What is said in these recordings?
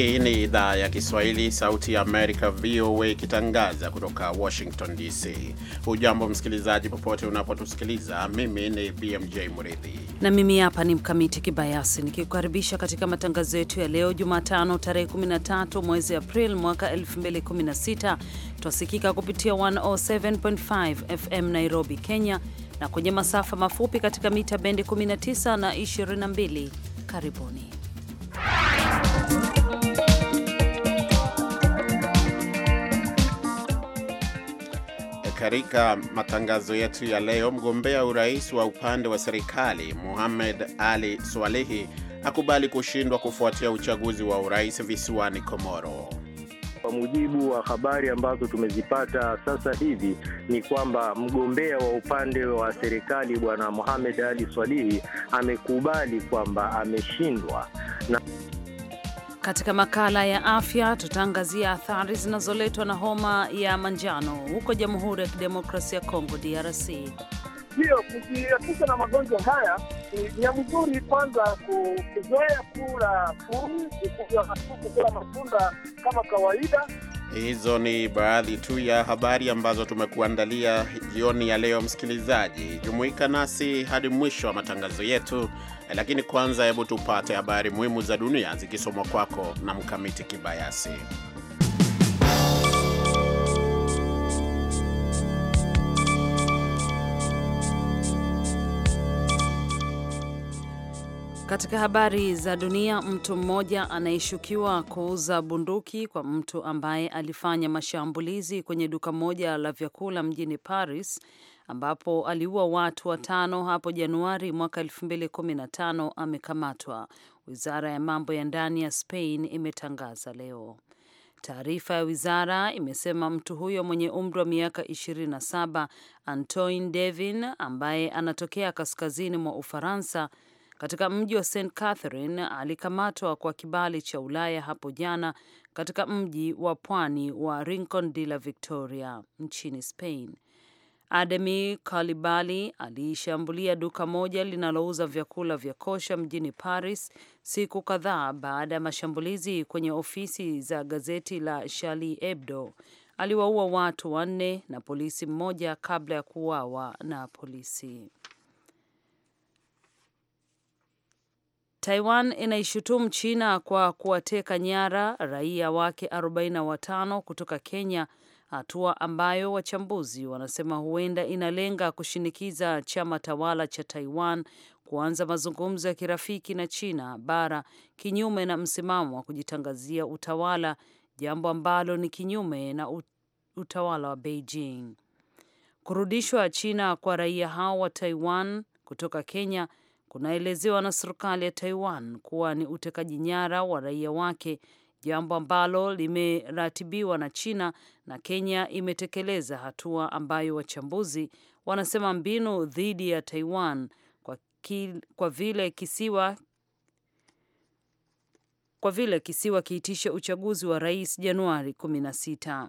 Hii ni idhaa ya Kiswahili, sauti ya Amerika, VOA, ikitangaza kutoka Washington DC. Hujambo msikilizaji, popote unapotusikiliza. Mimi ni BMJ mridhi na mimi hapa ni Mkamiti Kibayasi nikikukaribisha katika matangazo yetu ya leo Jumatano, tarehe 13 mwezi Aprili mwaka 2016. Twasikika kupitia 107.5 FM Nairobi, Kenya, na kwenye masafa mafupi katika mita bendi 19 na 22. Karibuni. katika matangazo yetu ya leo, mgombea urais wa upande wa serikali muhamed Ali Swalihi akubali kushindwa kufuatia uchaguzi wa urais visiwani Komoro. Kwa mujibu wa habari ambazo tumezipata sasa hivi ni kwamba mgombea wa upande wa serikali bwana muhamed Ali Swalihi amekubali kwamba ameshindwa na katika makala ya afya tutaangazia athari zinazoletwa na homa ya manjano huko Jamhuri ya Kidemokrasia ya Kongo, DRC. Ndiyo, kujiepusha na magonjwa haya ni ya mzuri, kwanza kuzoea kula furu, kula matunda kama kawaida. Hizo ni baadhi tu ya habari ambazo tumekuandalia jioni ya leo. Msikilizaji, jumuika nasi hadi mwisho wa matangazo yetu lakini kwanza, hebu tupate habari muhimu za dunia zikisomwa kwako na Mkamiti Kibayasi. Katika habari za dunia, mtu mmoja anayeshukiwa kuuza bunduki kwa mtu ambaye alifanya mashambulizi kwenye duka moja la vyakula mjini Paris ambapo aliua watu watano hapo Januari mwaka 2015 amekamatwa, wizara ya mambo ya ndani ya Spain imetangaza leo. Taarifa ya wizara imesema mtu huyo mwenye umri wa miaka 27, Antoine Devin, ambaye anatokea kaskazini mwa Ufaransa katika mji wa St Catherine, alikamatwa kwa kibali cha Ulaya hapo jana katika mji wa pwani wa Rincon de la Victoria nchini Spain. Ademi kalibali aliishambulia duka moja linalouza vyakula vya kosha mjini Paris siku kadhaa baada ya mashambulizi kwenye ofisi za gazeti la Charlie Hebdo. Aliwaua watu wanne na polisi mmoja kabla ya kuuawa na polisi. Taiwan inaishutumu China kwa kuwateka nyara raia wake 45 kutoka Kenya hatua ambayo wachambuzi wanasema huenda inalenga kushinikiza chama tawala cha Taiwan kuanza mazungumzo ya kirafiki na China bara kinyume na msimamo wa kujitangazia utawala, jambo ambalo ni kinyume na utawala wa Beijing. Kurudishwa China kwa raia hao wa Taiwan kutoka Kenya kunaelezewa na serikali ya Taiwan kuwa ni utekaji nyara wa raia wake jambo ambalo limeratibiwa na China na Kenya imetekeleza hatua ambayo wachambuzi wanasema mbinu dhidi ya Taiwan kwa, ki, kwa vile kisiwa kwa vile kisiwa kiitishe uchaguzi wa rais Januari 16.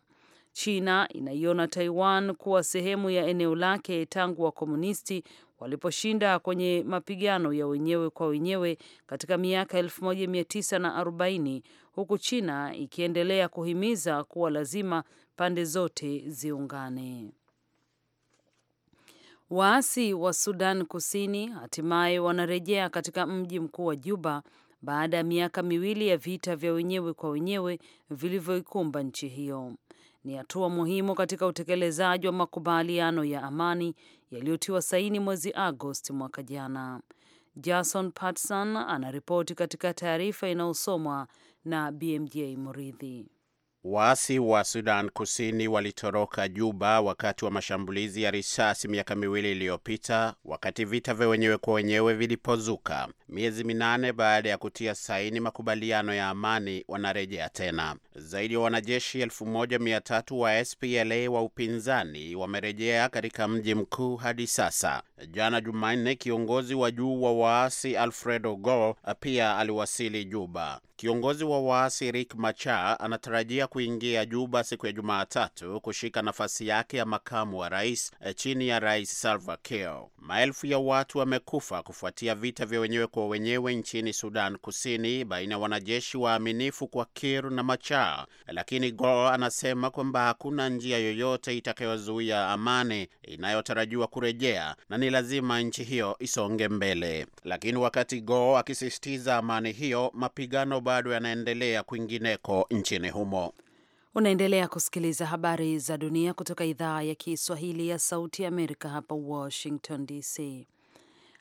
China inaiona Taiwan kuwa sehemu ya eneo lake tangu wakomunisti waliposhinda kwenye mapigano ya wenyewe kwa wenyewe katika miaka 1940 huku China ikiendelea kuhimiza kuwa lazima pande zote ziungane. Waasi wa Sudan Kusini hatimaye wanarejea katika mji mkuu wa Juba baada ya miaka miwili ya vita vya wenyewe kwa wenyewe vilivyoikumba nchi hiyo. Ni hatua muhimu katika utekelezaji wa makubaliano ya amani yaliyotiwa saini mwezi Agosti mwaka jana. Jason Patson anaripoti katika taarifa inayosomwa na BMJ Muridhi. Waasi wa Sudan Kusini walitoroka Juba wakati wa mashambulizi ya risasi miaka miwili iliyopita, wakati vita vya wenyewe kwa wenyewe vilipozuka. Miezi minane baada ya kutia saini makubaliano ya amani, wanarejea tena. Zaidi ya wanajeshi 1300 wa SPLA wa upinzani wamerejea katika mji mkuu hadi sasa. Jana Jumanne, kiongozi wa juu wa waasi Alfredo Go pia aliwasili Juba. Kiongozi wa waasi rik macha anatarajia kuingia Juba siku ya Jumatatu kushika nafasi yake ya makamu wa rais eh, chini ya Rais Salva Kiir. Maelfu ya watu wamekufa kufuatia vita vya wenyewe kwa wenyewe nchini Sudan Kusini baina ya wanajeshi waaminifu kwa Kir na Machar, lakini go anasema kwamba hakuna njia yoyote itakayozuia amani inayotarajiwa kurejea na ni lazima nchi hiyo isonge mbele. Lakini wakati go akisisitiza amani hiyo, mapigano bado yanaendelea kwingineko nchini humo. Unaendelea kusikiliza habari za dunia kutoka idhaa ya Kiswahili ya Sauti ya Amerika hapa Washington DC.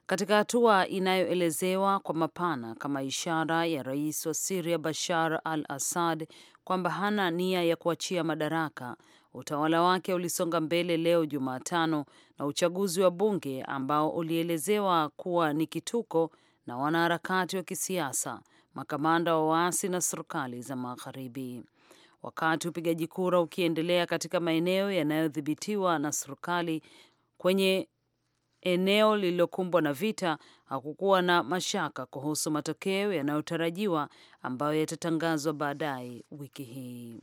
Katika hatua inayoelezewa kwa mapana kama ishara ya rais wa Siria Bashar al Assad kwamba hana nia ya kuachia madaraka, utawala wake ulisonga mbele leo Jumatano na uchaguzi wa bunge ambao ulielezewa kuwa ni kituko na wanaharakati wa kisiasa, makamanda wa waasi na serikali za magharibi wakati upigaji kura ukiendelea katika maeneo yanayodhibitiwa na serikali kwenye eneo lililokumbwa na vita, hakukuwa na mashaka kuhusu matokeo yanayotarajiwa ambayo yatatangazwa baadaye wiki hii.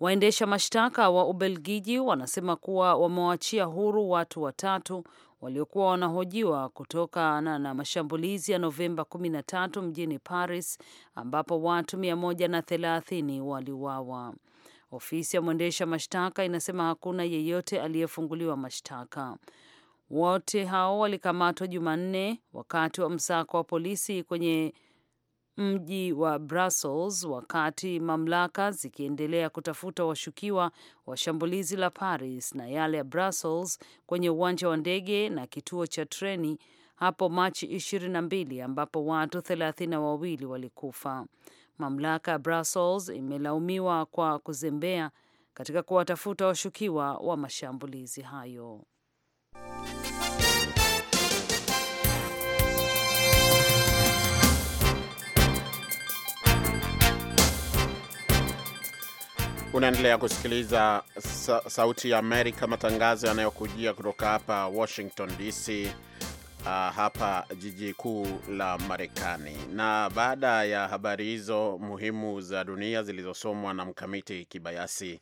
Waendesha mashtaka wa Ubelgiji wanasema kuwa wamewaachia huru watu watatu waliokuwa wanahojiwa kutokana na mashambulizi ya Novemba 13 mjini Paris ambapo watu 130 waliuawa. Ofisi ya mwendesha mashtaka inasema hakuna yeyote aliyefunguliwa mashtaka. Wote hao walikamatwa Jumanne wakati wa msako wa polisi kwenye mji wa Brussels wakati mamlaka zikiendelea kutafuta washukiwa wa shambulizi la Paris na yale ya Brussels kwenye uwanja wa ndege na kituo cha treni hapo Machi 22 ambapo watu thelathini na wawili walikufa. Mamlaka ya Brussels imelaumiwa kwa kuzembea katika kuwatafuta washukiwa wa mashambulizi hayo. Unaendelea kusikiliza sa Sauti ya Amerika, matangazo yanayokujia kutoka hapa Washington DC, uh, ah, hapa jiji kuu la Marekani. Na baada ya habari hizo muhimu za dunia zilizosomwa na Mkamiti Kibayasi,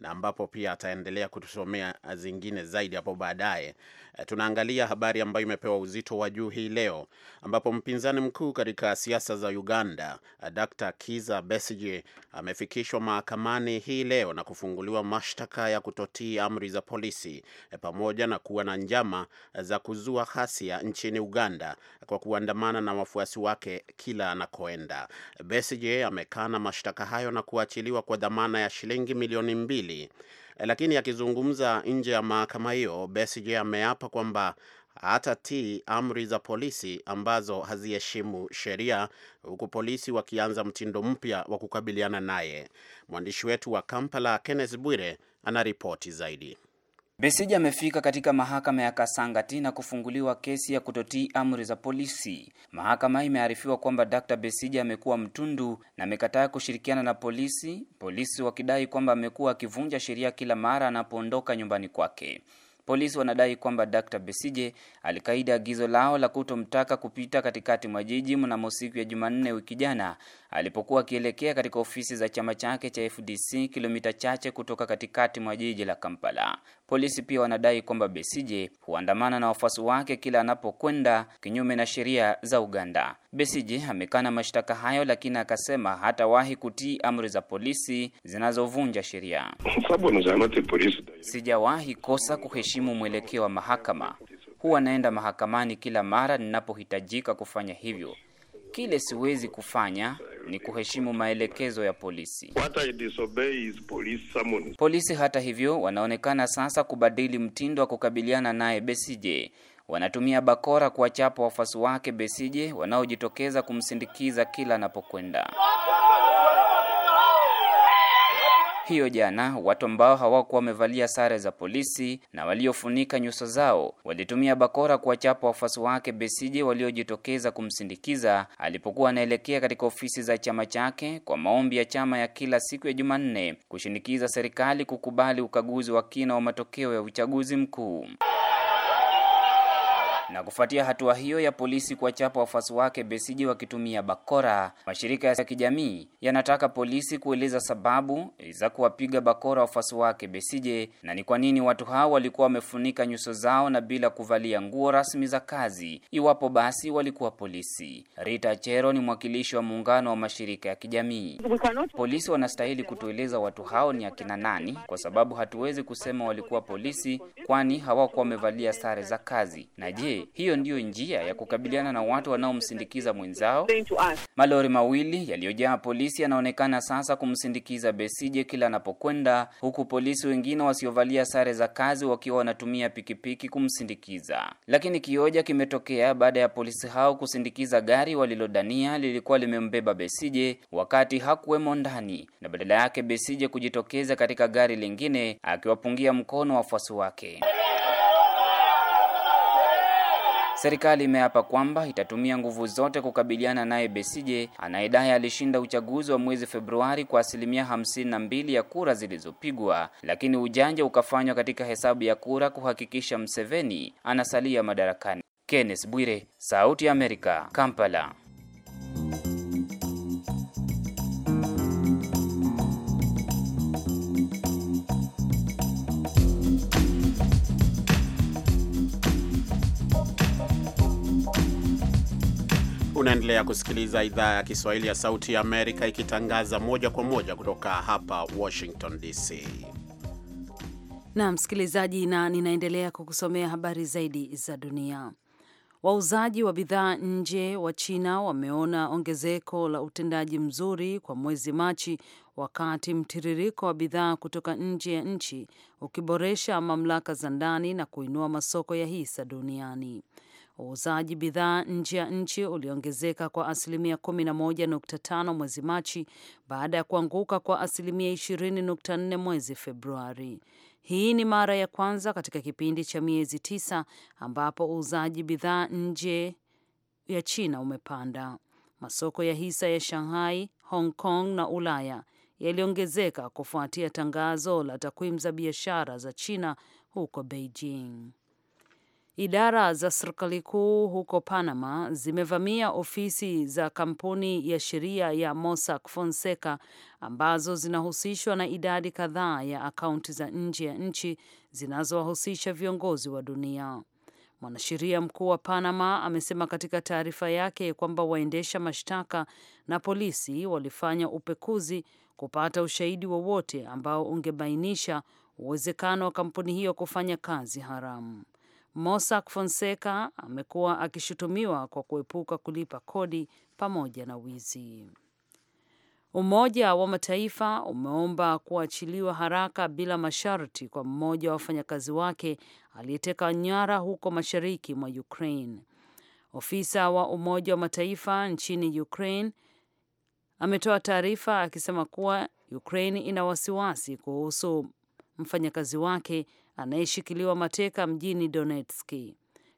na ambapo pia ataendelea kutusomea eh, zingine zaidi hapo baadaye. Eh, tunaangalia habari ambayo imepewa uzito wa juu hii leo, ambapo mpinzani mkuu katika siasa za Uganda eh, Dr. Kiza Besige amefikishwa mahakamani hii leo na kufunguliwa mashtaka ya kutotii amri za polisi pamoja na kuwa na njama za kuzua ghasia nchini Uganda kwa kuandamana na wafuasi wake kila anakoenda. Besigye amekana mashtaka hayo na kuachiliwa kwa dhamana ya shilingi milioni mbili, lakini akizungumza nje ya mahakama hiyo, Besigye ameapa kwamba hata ti amri za polisi ambazo haziheshimu sheria, huku polisi wakianza mtindo mpya wa kukabiliana naye. Mwandishi wetu wa Kampala, Kenneth Bwire, ana ripoti zaidi. Besigye amefika katika mahakama ya Kasangati na kufunguliwa kesi ya kutotii amri za polisi. Mahakama imearifiwa kwamba Dr. Besigye amekuwa mtundu na amekataa kushirikiana na polisi, polisi wakidai kwamba amekuwa akivunja sheria kila mara anapoondoka nyumbani kwake. Polisi wanadai kwamba Dr. Besigye alikaidi agizo lao la kutomtaka kupita katikati mwa jiji mnamo siku ya Jumanne wiki jana alipokuwa akielekea katika ofisi za chama chake cha FDC kilomita chache kutoka katikati mwa jiji la Kampala. Polisi pia wanadai kwamba Besije huandamana na wafuasi wake kila anapokwenda kinyume na sheria za Uganda. Besije amekana mashtaka hayo, lakini akasema hatawahi kutii amri za polisi zinazovunja sheria. Sijawahi kosa kuheshimu mwelekeo wa mahakama. Huwa naenda mahakamani kila mara ninapohitajika kufanya hivyo. Kile siwezi kufanya ni kuheshimu maelekezo ya polisi. Polisi hata hivyo, wanaonekana sasa kubadili mtindo wa kukabiliana naye Besije. Wanatumia bakora kuwachapa wafuasi wake Besije wanaojitokeza kumsindikiza kila anapokwenda hiyo jana, watu ambao hawakuwa wamevalia sare za polisi na waliofunika nyuso zao walitumia bakora kuwachapa wafuasi wake Besije waliojitokeza kumsindikiza alipokuwa anaelekea katika ofisi za chama chake kwa maombi ya chama ya kila siku ya Jumanne kushinikiza serikali kukubali ukaguzi wa kina wa matokeo ya uchaguzi mkuu. Na kufuatia hatua hiyo ya polisi kuwachapa wafuasi wake Besiji wakitumia bakora, mashirika ya kijamii yanataka polisi kueleza sababu za kuwapiga bakora wafuasi wake besije na ni kwa nini watu hao walikuwa wamefunika nyuso zao na bila kuvalia nguo rasmi za kazi, iwapo basi walikuwa polisi. Rita Chero ni mwakilishi wa muungano wa mashirika ya kijamii. Polisi wanastahili kutueleza watu hao ni akina nani, kwa sababu hatuwezi kusema walikuwa polisi, kwani hawakuwa wamevalia sare za kazi. Na je hiyo ndiyo njia ya kukabiliana na watu wanaomsindikiza mwenzao? Malori mawili yaliyojaa polisi yanaonekana sasa kumsindikiza Besije kila anapokwenda, huku polisi wengine wasiovalia sare za kazi wakiwa wanatumia pikipiki kumsindikiza. Lakini kioja kimetokea baada ya polisi hao kusindikiza gari walilodania lilikuwa limembeba Besije wakati hakuwemo ndani, na badala yake Besije kujitokeza katika gari lingine akiwapungia mkono wafuasi wake. Serikali imeapa kwamba itatumia nguvu zote kukabiliana naye Besije anayedai alishinda uchaguzi wa mwezi Februari kwa asilimia hamsini na mbili ya kura zilizopigwa, lakini ujanja ukafanywa katika hesabu ya kura kuhakikisha Mseveni anasalia madarakani. Kenneth Bwire, Sauti ya Amerika, Kampala. Unaendelea kusikiliza idhaa ya Kiswahili ya Sauti ya Amerika ikitangaza moja kwa moja kutoka hapa Washington DC. Na msikilizaji, na ninaendelea kukusomea habari zaidi za dunia. Wauzaji wa bidhaa nje wa China wameona ongezeko la utendaji mzuri kwa mwezi Machi, wakati mtiririko wa bidhaa kutoka nje ya nchi ukiboresha mamlaka za ndani na kuinua masoko ya hisa duniani. Uuzaji bidhaa nje ya nchi uliongezeka kwa asilimia 11.5 mwezi Machi baada ya kuanguka kwa asilimia 20.4 mwezi Februari. Hii ni mara ya kwanza katika kipindi cha miezi tisa ambapo uuzaji bidhaa nje ya China umepanda. Masoko ya hisa ya Shanghai, Hong Kong na Ulaya yaliongezeka kufuatia tangazo la takwimu za biashara za China huko Beijing. Idara za serikali kuu huko Panama zimevamia ofisi za kampuni ya sheria ya Mossack Fonseca ambazo zinahusishwa na idadi kadhaa ya akaunti za nje ya nchi zinazowahusisha viongozi wa dunia. Mwanasheria mkuu wa Panama amesema katika taarifa yake kwamba waendesha mashtaka na polisi walifanya upekuzi kupata ushahidi wowote ambao ungebainisha uwezekano wa kampuni hiyo kufanya kazi haramu. Mossack Fonseca amekuwa akishutumiwa kwa kuepuka kulipa kodi pamoja na wizi. Umoja wa Mataifa umeomba kuachiliwa haraka bila masharti kwa mmoja wa wafanyakazi wake aliyeteka nyara huko mashariki mwa Ukraine. Ofisa wa Umoja wa Mataifa nchini Ukraine ametoa taarifa akisema kuwa Ukraine ina wasiwasi kuhusu mfanyakazi wake anayeshikiliwa mateka mjini Donetski.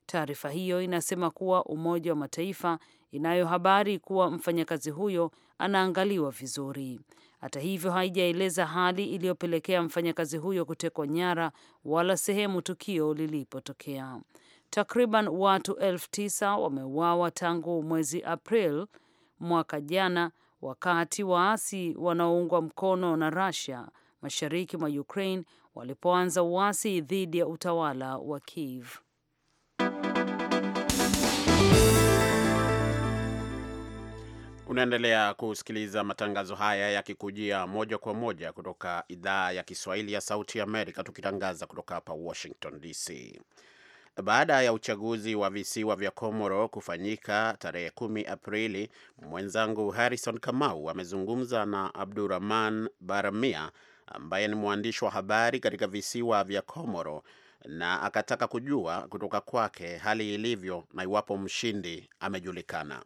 Taarifa hiyo inasema kuwa Umoja wa Mataifa inayo habari kuwa mfanyakazi huyo anaangaliwa vizuri. Hata hivyo, haijaeleza hali iliyopelekea mfanyakazi huyo kutekwa nyara wala sehemu tukio lilipotokea. Takriban watu elfu tisa wameuawa tangu mwezi April mwaka jana, wakati waasi wanaoungwa mkono na Russia mashariki mwa Ukraine walipoanza uasi dhidi ya utawala wa Kiev. Unaendelea kusikiliza matangazo haya yakikujia moja kwa moja kutoka idhaa ya Kiswahili ya Sauti Amerika, tukitangaza kutoka hapa Washington DC. Baada ya uchaguzi wa visiwa vya Komoro kufanyika tarehe 1 Aprili, mwenzangu Harrison Kamau amezungumza na Abdurahman Baramia ambaye ni mwandishi wa habari katika visiwa vya Komoro na akataka kujua kutoka kwake hali ilivyo na iwapo mshindi amejulikana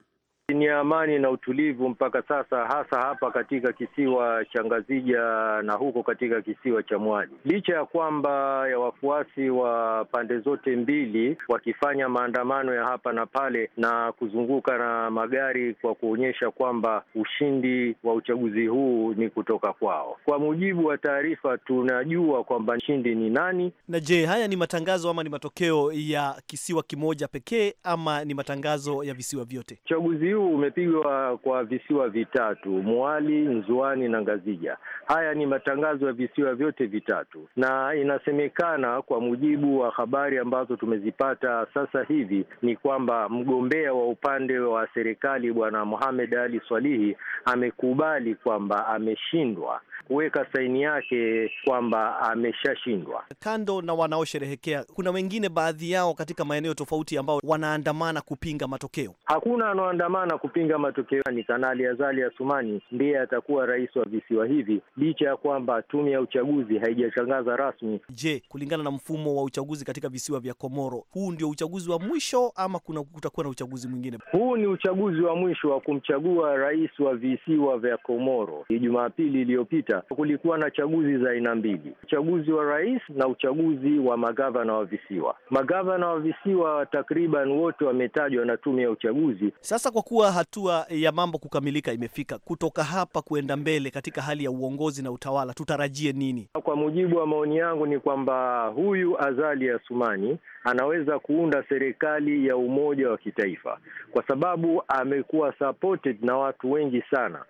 ni amani na utulivu mpaka sasa, hasa hapa katika kisiwa cha Ngazija na huko katika kisiwa cha Mwali, licha ya kwamba ya wafuasi wa pande zote mbili wakifanya maandamano ya hapa na pale na kuzunguka na magari kwa kuonyesha kwamba ushindi wa uchaguzi huu ni kutoka kwao. Kwa mujibu wa taarifa, tunajua kwamba mshindi ni nani. Na je, haya ni matangazo ama ni matokeo ya kisiwa kimoja pekee ama ni matangazo ya visiwa vyote? Chaguzi juu umepigwa kwa visiwa vitatu, Mwali, Nzwani na Ngazija. Haya ni matangazo ya visiwa vyote vitatu, na inasemekana kwa mujibu wa habari ambazo tumezipata sasa hivi ni kwamba mgombea wa upande wa serikali Bwana Mohamed Ali Swalihi amekubali kwamba ameshindwa kuweka saini yake kwamba ameshashindwa. Kando na wanaosherehekea, kuna wengine baadhi yao katika maeneo tofauti ambao wanaandamana kupinga matokeo. Hakuna anaoandamana kupinga matokeo, ni Kanali Azali Asumani ndiye atakuwa rais wa visiwa hivi, licha ya kwamba tume ya uchaguzi haijatangaza rasmi. Je, kulingana na mfumo wa uchaguzi katika visiwa vya Komoro, huu ndio uchaguzi wa mwisho ama kuna kutakuwa na uchaguzi mwingine? Huu ni uchaguzi wa mwisho wa kumchagua rais wa visiwa vya Komoro. Jumapili iliyopita China kulikuwa na chaguzi za aina mbili, uchaguzi wa rais na uchaguzi wa magavana wa visiwa. Magavana wa visiwa takriban wote wametajwa na tume ya uchaguzi. Sasa kwa kuwa hatua ya mambo kukamilika imefika, kutoka hapa kuenda mbele katika hali ya uongozi na utawala tutarajie nini? Kwa mujibu wa maoni yangu ni kwamba huyu Azali asumani anaweza kuunda serikali ya umoja wa kitaifa, kwa sababu amekuwa supported na watu wengi sana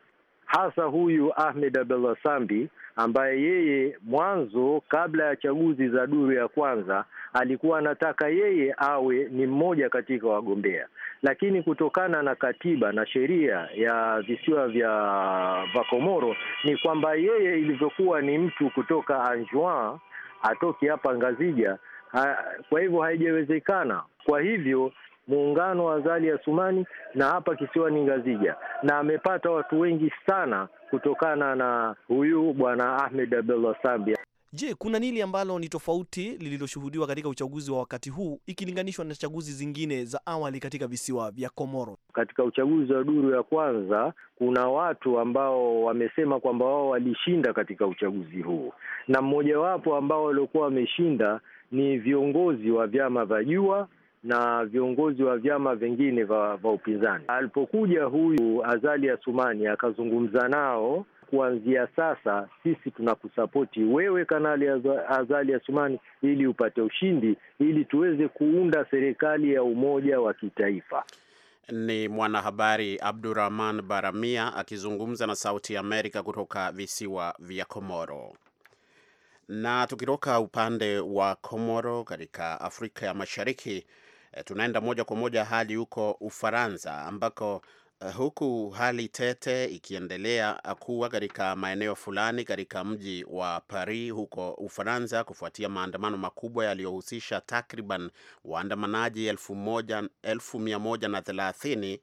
hasa huyu Ahmed Abdallah Sambi ambaye yeye mwanzo, kabla ya chaguzi za duru ya kwanza, alikuwa anataka yeye awe ni mmoja katika wagombea, lakini kutokana na katiba na sheria ya visiwa vya Vakomoro ni kwamba yeye ilivyokuwa ni mtu kutoka Anjouan atoke hapa Ngazija ha, kwa hivyo haijawezekana. Kwa hivyo muungano wa Azali Asumani na hapa kisiwani Ngazija, na amepata watu wengi sana kutokana na huyu bwana Ahmed Abdullah Sambia. Je, kuna nini ambalo ni tofauti lililoshuhudiwa katika uchaguzi wa wakati huu ikilinganishwa na chaguzi zingine za awali katika visiwa vya Komoro? Katika uchaguzi wa duru ya kwanza, kuna watu ambao wamesema kwamba wao walishinda katika uchaguzi huu, na mmojawapo ambao waliokuwa wameshinda ni viongozi wa vyama vya Jua na viongozi wa vyama vingine vya upinzani. Alipokuja huyu Azali Asumani akazungumza nao, kuanzia sasa sisi tunakusapoti wewe Kanali Azali Asumani ili upate ushindi, ili tuweze kuunda serikali ya umoja wa kitaifa. Ni mwanahabari Abdurahman Baramia akizungumza na Sauti ya Amerika kutoka visiwa vya Komoro. Na tukitoka upande wa Komoro katika Afrika ya Mashariki, Eh, tunaenda moja kwa moja hali huko Ufaransa ambako eh, huku hali tete ikiendelea eh, kuwa katika maeneo fulani katika mji wa Paris huko Ufaransa kufuatia maandamano makubwa yaliyohusisha takriban waandamanaji elfu moja, elfu mia moja na thelathini.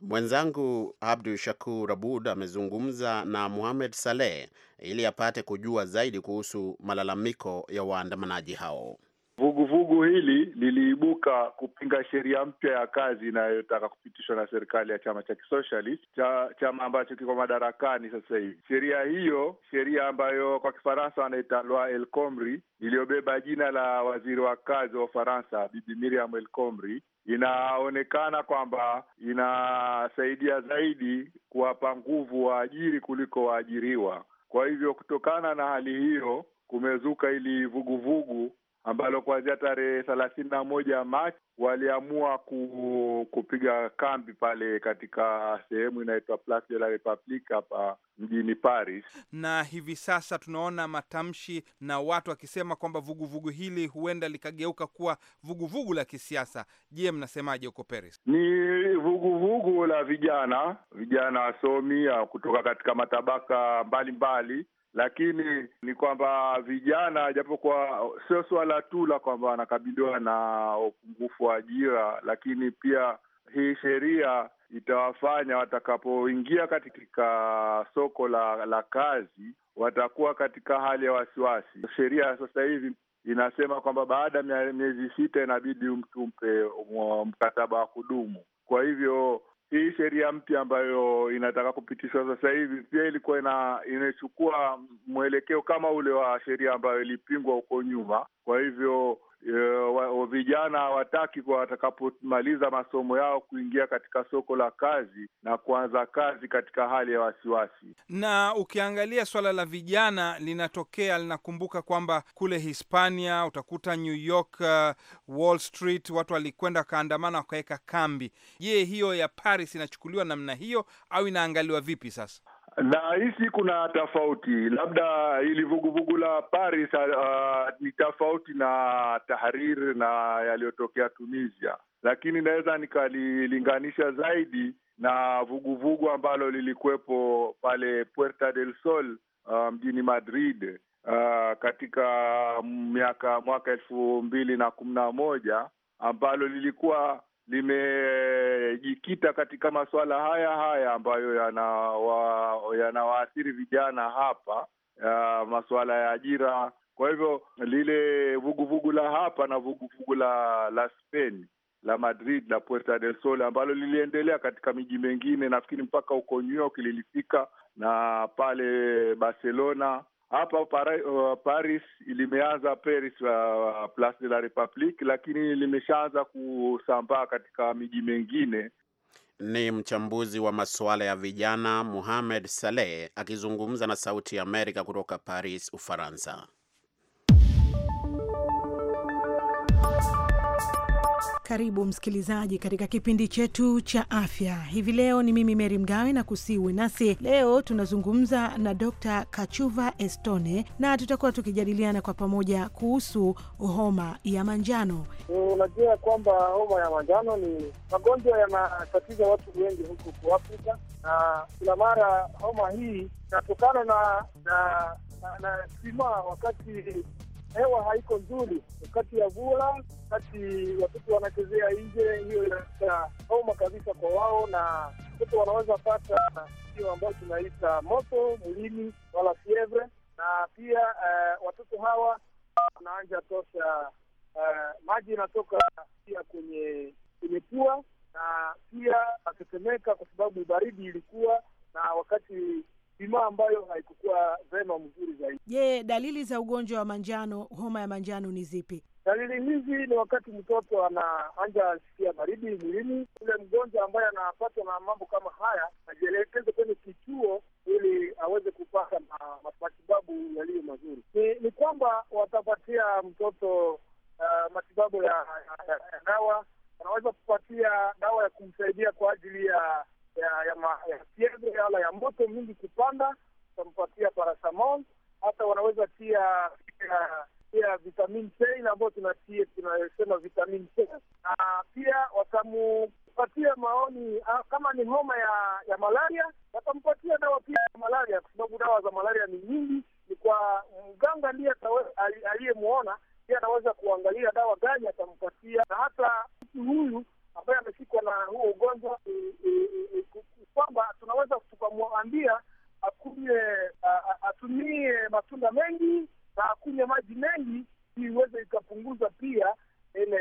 Mwenzangu Abdu Shakur Abud amezungumza na muhamed Saleh ili apate kujua zaidi kuhusu malalamiko ya waandamanaji hao. Vuguvugu vugu hili liliibuka kupinga sheria mpya ya kazi inayotaka kupitishwa na serikali ya chama cha kisocialist cha, chama ambacho kiko madarakani sasa hivi. Sheria hiyo, sheria ambayo kwa Kifaransa wanaita loi El Khomri, iliyobeba jina la waziri wa kazi wa Ufaransa Bibi Miriam El Khomri, inaonekana kwamba inasaidia zaidi kuwapa nguvu waajiri kuliko waajiriwa. Kwa hivyo, kutokana na hali hiyo kumezuka ili vuguvugu vugu ambalo kuanzia tarehe thelathini na moja Machi waliamua ku, kupiga kambi pale katika sehemu inaitwa Place de la Republique hapa mjini Paris, na hivi sasa tunaona matamshi na watu wakisema kwamba vuguvugu hili huenda likageuka kuwa vuguvugu vugu la kisiasa. Je, mnasemaje huko Paris? Ni vuguvugu vugu la vijana, vijana wasomi uh, kutoka katika matabaka mbalimbali mbali lakini ni kwamba vijana, japokuwa sio suala tu la kwamba wanakabiliwa na upungufu wa ajira, lakini pia hii sheria itawafanya watakapoingia katika soko la, la kazi watakuwa katika hali ya wasiwasi. Sheria sasa hivi inasema kwamba baada ya miezi sita inabidi mtu mpe mkataba wa kudumu. Kwa hivyo hii sheria mpya ambayo inataka kupitishwa sasa hivi pia ilikuwa ina, inachukua mwelekeo kama ule wa sheria ambayo ilipingwa huko nyuma. Kwa hivyo Eh, vijana hawataki kwa watakapomaliza masomo yao kuingia katika soko la kazi na kuanza kazi katika hali ya wasiwasi. Na ukiangalia swala la vijana linatokea, linakumbuka kwamba kule Hispania utakuta New York, uh, Wall Street watu walikwenda wakaandamana wakaweka kambi. Je, hiyo ya Paris inachukuliwa namna hiyo au inaangaliwa vipi sasa? hisi kuna tofauti, labda ili vuguvugu la Paris uh, ni tofauti na Tahariri na yaliyotokea Tunisia, lakini naweza nikalilinganisha zaidi na vuguvugu vugu ambalo lilikuwepo pale Puerta del Sol mjini ah, mjini Madrid uh, katika miaka mwaka elfu mbili na kumi na moja ambalo lilikuwa limejikita katika masuala haya haya ambayo yanawaathiri yana vijana hapa ya masuala ya ajira. Kwa hivyo lile vuguvugu la hapa na vuguvugu la la Spain la Madrid la Puerta del Sol ambalo liliendelea katika miji mengine, nafikiri mpaka huko New York lilifika na pale Barcelona hapa uh, Paris limeanza Paris, uh, Place de la Republique, lakini limeshaanza kusambaa katika miji mengine. Ni mchambuzi wa masuala ya vijana muhamed Saleh akizungumza na Sauti ya Amerika kutoka Paris, Ufaransa. Karibu msikilizaji katika kipindi chetu cha afya hivi leo. Ni mimi Meri Mgawe na kusiwe nasi leo. Tunazungumza na Dr Kachuva Estone na tutakuwa tukijadiliana kwa pamoja kuhusu homa ya manjano. Unajua kwamba homa ya manjano ni magonjwa yanatatiza watu wengi huku Afrika, na kila mara homa hii inatokana na na, na, na sima wakati hewa haiko nzuri wakati ya vula, wakati watoto wanachezea nje, hiyo inaleta homa kabisa kwa wao, na watoto wanaweza pata hiyo ambayo tunaita moto mwilini, wala fievre, na pia uh, watoto hawa wanaanja tosha uh, maji inatoka pia kwenye kwenye pua na pia atetemeka kwa sababu baridi ilikuwa na wakati ima ambayo haikukuwa vema mzuri zaidi. Je, dalili za ugonjwa wa manjano, homa ya manjano ni zipi? Dalili hizi ni wakati mtoto anaanza sikia baridi mwilini. Ule mgonjwa ambaye anapatwa na mambo kama haya ajielekeze kwenye kituo ili aweze kupata matibabu yaliyo mazuri. Ni, ni kwamba watapatia mtoto uh, matibabu ya, ya, ya, ya dawa. Wanaweza kupatia dawa ya kumsaidia kwa ajili ya ya fievre ya ala ya moto mingi kupanda, tutampatia parasamol. Hata wanaweza pia pia vitamin C ambayo tunatie tunasema vitamin C, na pia watamupatia maoni ah, kama ni homa ya ya malaria, watampatia dawa pia ya malaria, kwa sababu dawa za malaria ni nyingi. Ni kwa mganga ndiye aliyemwona, pia anaweza kuangalia dawa gani matunda mengi na akunywe maji mengi, iweze ikapunguza pia ile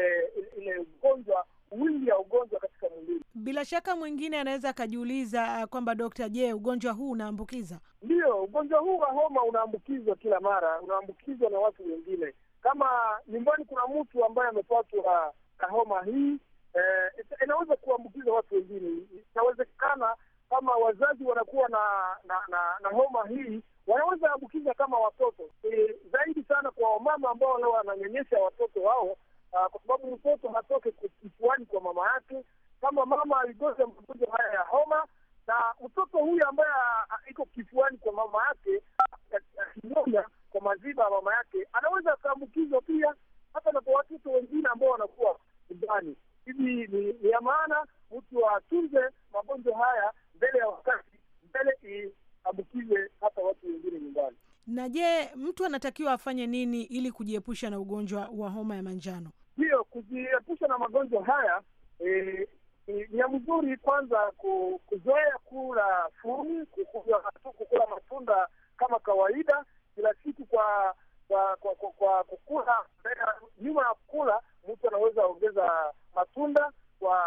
ile ugonjwa wingi ya ugonjwa katika mwilini. Bila shaka mwingine anaweza akajiuliza ah, kwamba dokta, je, ugonjwa huu unaambukiza? Ndiyo, ugonjwa huu wa homa unaambukizwa kila mara, unaambukizwa na watu wengine. Kama nyumbani kuna mtu ambaye amepatwa na homa hii eh, inaweza kuambukiza watu wengine. Inawezekana kama wazazi wanakuwa na na, na, na homa hii watoto ni zaidi sana kwa wamama ambao leo wananyonyesha watoto wao, ah, kwa sababu mtoto hatoke kifuani kwa mama yake, kama mama aligoza magonjwa haya ya homa, na mtoto huyu ambaye je, mtu anatakiwa afanye nini ili kujiepusha na ugonjwa wa homa ya manjano? Ndiyo, kujiepusha na magonjwa haya e, e, ni ya mzuri kwanza kuzoea kula fumi, kukula matunda kama kawaida kila siku kwa kwa kwa, kwa, kwa kukula nyuma ya kukula mtu anaweza ongeza matunda kwa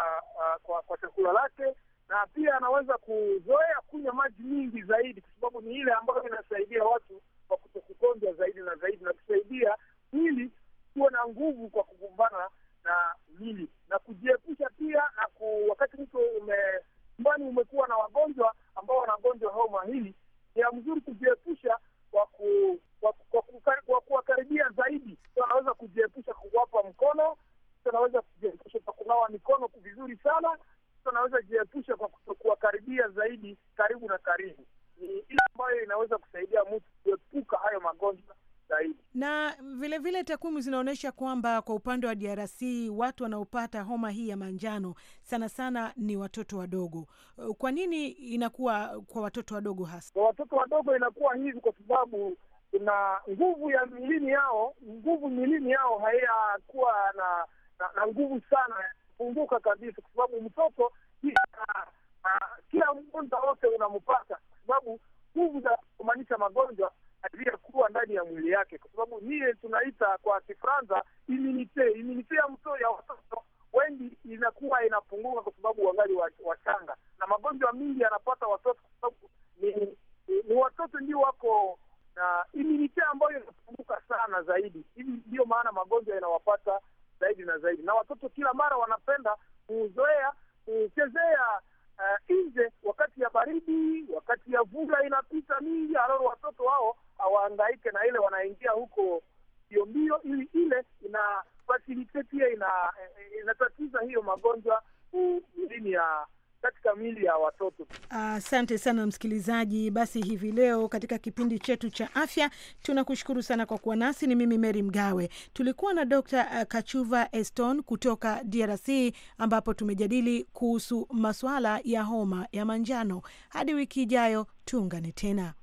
kwa, kwa chakula lake, na pia anaweza kuzoea kunywa maji mingi zaidi, kwa sababu ni ile ambayo inasaidia watu kwa kutokugonjwa zaidi na zaidi na kusaidia ili kuwa na nguvu kwa kukumbana na mili na kujiepusha pia na ku, wakati mtu ume umekuwa na wagonjwa ambao wanagonjwa homa hili, ni mzuri kujiepusha kwa ku, kwa kuwakaribia zaidi. anaweza kujiepusha kuwapa mkono, anaweza kujiepusha kwa kunawa mikono vizuri sana, anaweza kujiepusha kwa kuwakaribia zaidi karibu na karibu ile ambayo inaweza kusaidia mtu kuepuka hayo magonjwa zaidi. Na vilevile takwimu zinaonyesha kwamba kwa upande wa DRC watu wanaopata homa hii ya manjano sana sana ni watoto wadogo. Uh, kwa nini inakuwa kwa watoto wadogo hasa? Kwa watoto wadogo inakuwa hivi kwa sababu kuna nguvu ya milini yao nguvu milini yao hayakuwa na, na, na nguvu sana punguka kabisa, kwa sababu mtoto ah, ah, kila mgonjwa wote unampata sababu nguvu za kumaanisha magonjwa aliyakuwa ndani ya mwili yake, kwa sababu niye tunaita kwa Kifaransa imunite. Imunite ya mtoto ya watoto wengi inakuwa inapunguka kwa sababu wangali wachanga, na magonjwa mingi yanapata watoto kwa sababu ni, ni watoto ndio wako na imunite ambayo inapunguka sana zaidi. Hivi ndiyo maana magonjwa yanawapata zaidi na zaidi, na watoto kila mara wanapenda kuzoea kuchezea uh, nje wakati ya baridi vula inapita mingi, alafu watoto wao hawaangaike na ile, wanaingia huko mbio mbio, ili ile ina fasilite pia ina eh, eh, inatatiza hiyo magonjwa mm, mwilini ya kamili ya watoto. Asante ah, sana msikilizaji. Basi hivi leo katika kipindi chetu cha afya tunakushukuru sana kwa kuwa nasi. Ni mimi Mary Mgawe, tulikuwa na Dr. Eh, Kachuva Eston kutoka DRC ambapo tumejadili kuhusu masuala ya homa ya manjano. Hadi wiki ijayo, tuungane tena.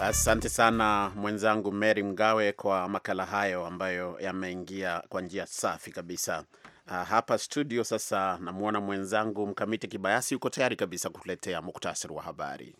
Asante sana mwenzangu Mary Mgawe kwa makala hayo ambayo yameingia kwa njia safi kabisa. Ah, hapa studio. Sasa namwona mwenzangu Mkamiti Kibayasi yuko tayari kabisa kukuletea muktasari wa habari.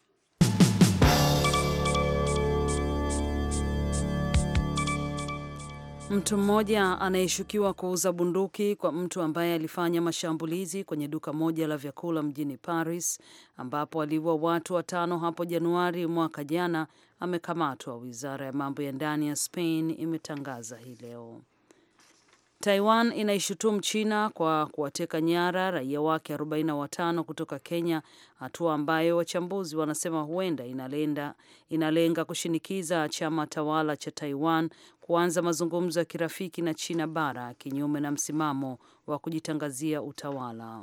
Mtu mmoja anayeshukiwa kuuza bunduki kwa mtu ambaye alifanya mashambulizi kwenye duka moja la vyakula mjini Paris ambapo aliua watu watano hapo Januari mwaka jana amekamatwa, wizara ya mambo ya ndani ya Spain imetangaza hii leo. Taiwan inaishutumu China kwa kuwateka nyara raia wake 45 kutoka Kenya, hatua ambayo wachambuzi wanasema huenda inalenda, inalenga kushinikiza chama tawala cha Taiwan kuanza mazungumzo ya kirafiki na China bara kinyume na msimamo wa kujitangazia utawala.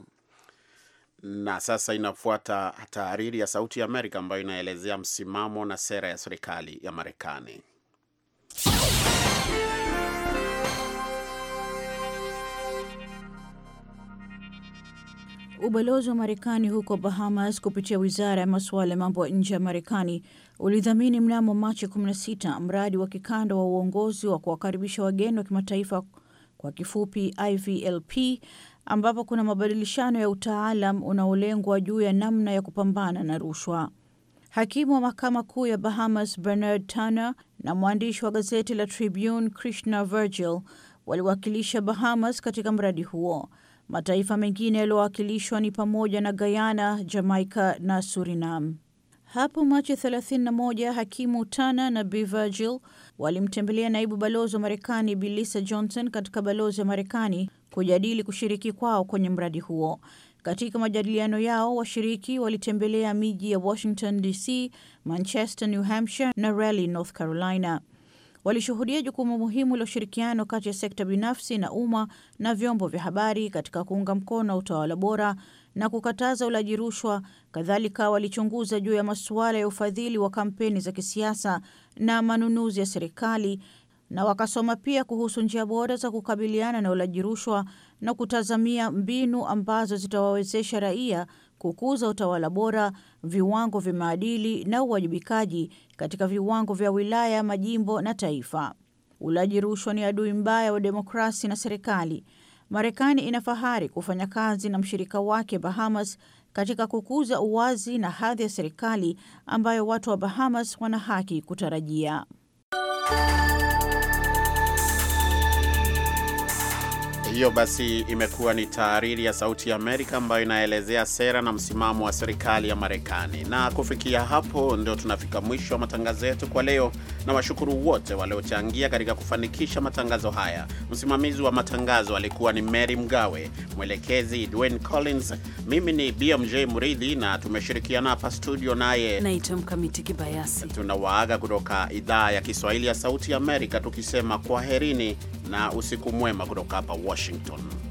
Na sasa inafuata tahariri ya Sauti ya Amerika ambayo inaelezea msimamo na sera ya serikali ya Marekani. Ubalozi wa Marekani huko Bahamas kupitia wizara ya masuala ya mambo ya nje ya Marekani ulidhamini mnamo Machi 16 mradi wa kikanda wa uongozi wa kuwakaribisha wageni wa kimataifa, kwa kifupi IVLP, ambapo kuna mabadilishano ya utaalam unaolengwa juu ya namna ya kupambana na rushwa. Hakimu wa mahakama kuu ya Bahamas Bernard Tanner na mwandishi wa gazeti la Tribune Krishna Virgil waliwakilisha Bahamas katika mradi huo. Mataifa mengine yaliyowakilishwa ni pamoja na Guyana, Jamaica na Surinam. Hapo Machi 31 hakimu Tana na Virgil walimtembelea naibu balozi wa Marekani Bilisa Johnson katika balozi ya Marekani kujadili kushiriki kwao kwenye mradi huo. Katika majadiliano yao, washiriki walitembelea miji ya Washington DC, Manchester, New Hampshire na Raleigh, North Carolina walishuhudia jukumu muhimu la ushirikiano kati ya sekta binafsi na umma na vyombo vya habari katika kuunga mkono utawala bora na kukataza ulaji rushwa. Kadhalika, walichunguza juu ya masuala ya ufadhili wa kampeni za kisiasa na manunuzi ya serikali na wakasoma pia kuhusu njia bora za kukabiliana na ulaji rushwa na kutazamia mbinu ambazo zitawawezesha raia kukuza utawala bora, viwango vya maadili na uwajibikaji katika viwango vya wilaya, majimbo na taifa. Ulaji rushwa ni adui mbaya wa demokrasi na serikali. Marekani ina fahari kufanya kazi na mshirika wake Bahamas katika kukuza uwazi na hadhi ya serikali ambayo watu wa Bahamas wana haki kutarajia. Hiyo basi imekuwa ni tahariri ya Sauti ya Amerika ambayo inaelezea sera na msimamo wa serikali ya Marekani. Na kufikia hapo, ndio tunafika mwisho wa matangazo yetu kwa leo, na washukuru wote waliochangia katika kufanikisha matangazo haya. Msimamizi wa matangazo alikuwa ni Mary Mgawe, mwelekezi Dwayne Collins, mimi ni BMJ Muridhi na tumeshirikiana hapa studio, naye naitwa Mkamiti Kibayasi. Tunawaaga kutoka idhaa ya Kiswahili ya Sauti ya Amerika tukisema kwaherini na usiku mwema kutoka hapa Washington. Washington.